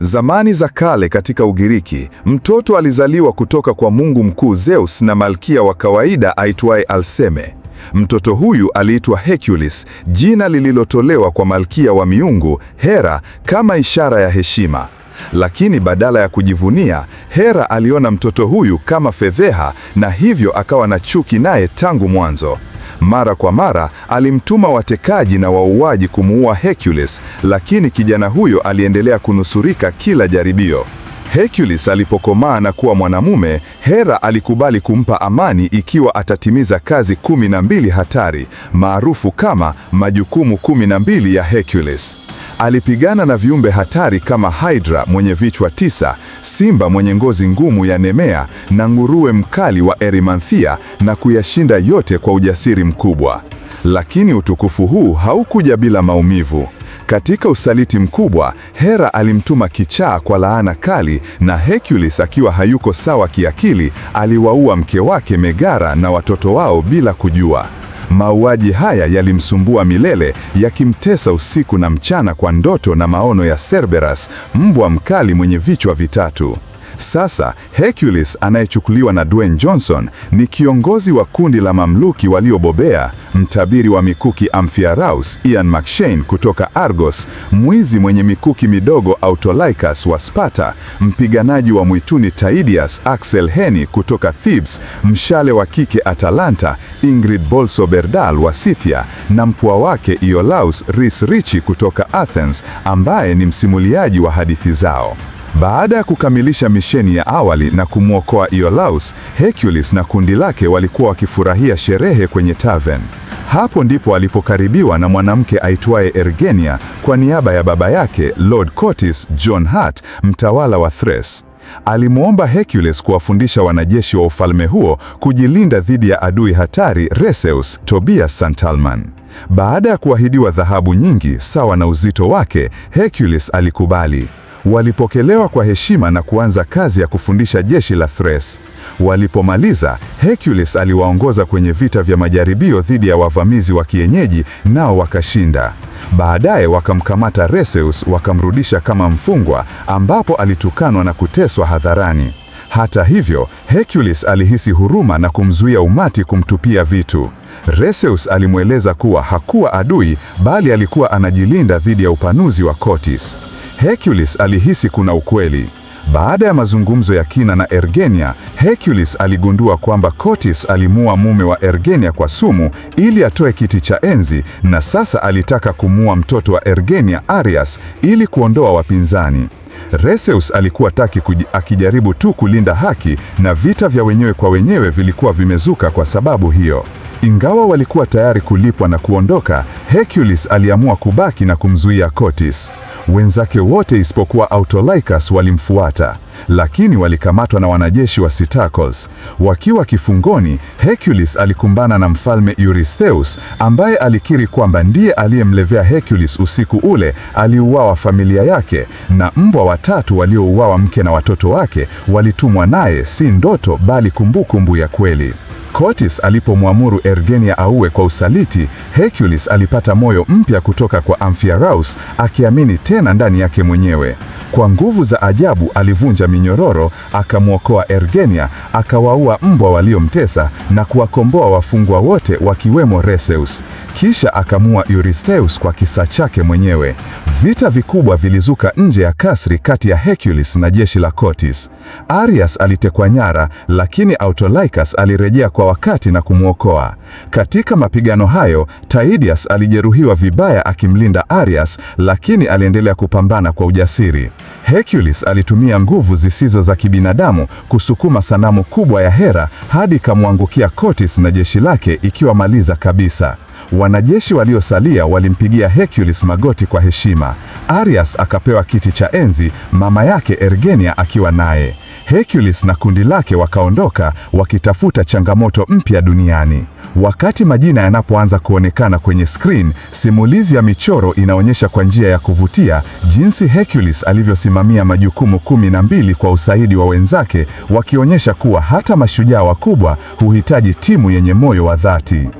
Zamani za kale katika Ugiriki, mtoto alizaliwa kutoka kwa mungu mkuu Zeus na malkia wa kawaida aitwaye Alseme. Mtoto huyu aliitwa Hercules, jina lililotolewa kwa malkia wa miungu Hera kama ishara ya heshima. Lakini badala ya kujivunia, Hera aliona mtoto huyu kama fedheha na hivyo akawa na chuki naye tangu mwanzo. Mara kwa mara alimtuma watekaji na wauaji kumuua Hercules, lakini kijana huyo aliendelea kunusurika kila jaribio. Hercules alipokomaa na kuwa mwanamume, Hera alikubali kumpa amani ikiwa atatimiza kazi kumi na mbili hatari, maarufu kama majukumu kumi na mbili ya Hercules. Alipigana na viumbe hatari kama Hydra mwenye vichwa tisa, simba mwenye ngozi ngumu ya Nemea na nguruwe mkali wa Erymanthea na kuyashinda yote kwa ujasiri mkubwa. Lakini utukufu huu haukuja bila maumivu. Katika usaliti mkubwa, Hera alimtuma kichaa kwa laana kali, na Hercules akiwa hayuko sawa kiakili, aliwaua mke wake Megara na watoto wao bila kujua. Mauaji haya yalimsumbua milele, yakimtesa usiku na mchana kwa ndoto na maono ya Cerberus, mbwa mkali mwenye vichwa vitatu. Sasa Hercules anayechukuliwa na Dwayne Johnson ni kiongozi wa kundi la mamluki waliobobea, mtabiri wa mikuki Amphiaraus Ian McShane kutoka Argos, mwizi mwenye mikuki midogo Autolycus wa Sparta, mpiganaji wa mwituni taidius Axel Henny kutoka Thebes, mshale wa kike Atalanta Ingrid Bolso Berdal wa Scythia na mpwa wake Iolaus Rhys Richi kutoka Athens ambaye ni msimuliaji wa hadithi zao. Baada ya kukamilisha misheni ya awali na kumwokoa Iolaus, Hercules na kundi lake walikuwa wakifurahia sherehe kwenye tavern. Hapo ndipo alipokaribiwa na mwanamke aitwaye Ergenia kwa niaba ya baba yake Lord Curtis John Hart, mtawala wa Thrace. Alimwomba Hercules kuwafundisha wanajeshi wa ufalme huo kujilinda dhidi ya adui hatari Reseus Tobias Santalman. Baada ya kuahidiwa dhahabu nyingi sawa na uzito wake, Hercules alikubali. Walipokelewa kwa heshima na kuanza kazi ya kufundisha jeshi la Thrace. Walipomaliza, Hercules aliwaongoza kwenye vita vya majaribio dhidi ya wavamizi wa kienyeji, nao wakashinda. Baadaye wakamkamata reseus wakamrudisha kama mfungwa, ambapo alitukanwa na kuteswa hadharani. Hata hivyo, Hercules alihisi huruma na kumzuia umati kumtupia vitu. reseus alimweleza kuwa hakuwa adui bali alikuwa anajilinda dhidi ya upanuzi wa Otis. Hercules alihisi kuna ukweli. Baada ya mazungumzo ya kina na Ergenia, Hercules aligundua kwamba Cortis alimua mume wa Ergenia kwa sumu ili atoe kiti cha enzi na sasa alitaka kumua mtoto wa Ergenia Arias ili kuondoa wapinzani. reseus alikuwa taki akijaribu tu kulinda haki na vita vya wenyewe kwa wenyewe vilikuwa vimezuka kwa sababu hiyo. Ingawa walikuwa tayari kulipwa na kuondoka, Hercules aliamua kubaki na kumzuia Cortis. Wenzake wote isipokuwa Autolycus walimfuata, lakini walikamatwa na wanajeshi wa Sitacles. Wakiwa kifungoni, Hercules alikumbana na mfalme Eurystheus ambaye alikiri kwamba ndiye aliyemlevea Hercules usiku ule aliuawa familia yake, na mbwa watatu waliouawa mke na watoto wake walitumwa naye, si ndoto bali kumbukumbu ya kweli kotis alipomwamuru Ergenia auwe kwa usaliti, Hercules alipata moyo mpya kutoka kwa Amphiaraus, akiamini tena ndani yake mwenyewe. Kwa nguvu za ajabu alivunja minyororo, akamwokoa Ergenia, akawaua mbwa waliomtesa na kuwakomboa wafungwa wote wakiwemo Reseus. Kisha akamua Eurystheus kwa kisa chake mwenyewe. Vita vikubwa vilizuka nje ya kasri kati ya Hercules na jeshi la Cortis. Arias alitekwa nyara, lakini Autolycus alirejea kwa wakati na kumwokoa. Katika mapigano hayo, Taidias alijeruhiwa vibaya akimlinda Arias, lakini aliendelea kupambana kwa ujasiri. Hercules alitumia nguvu zisizo za kibinadamu kusukuma sanamu kubwa ya Hera hadi ikamwangukia Cortis na jeshi lake ikiwamaliza kabisa. Wanajeshi waliosalia walimpigia Hercules magoti kwa heshima. Arias akapewa kiti cha enzi, mama yake Ergenia akiwa naye. Hercules na kundi lake wakaondoka wakitafuta changamoto mpya duniani. Wakati majina yanapoanza kuonekana kwenye screen, simulizi ya michoro inaonyesha kwa njia ya kuvutia jinsi Hercules alivyosimamia majukumu kumi na mbili kwa usaidi wa wenzake, wakionyesha kuwa hata mashujaa wakubwa huhitaji timu yenye moyo wa dhati.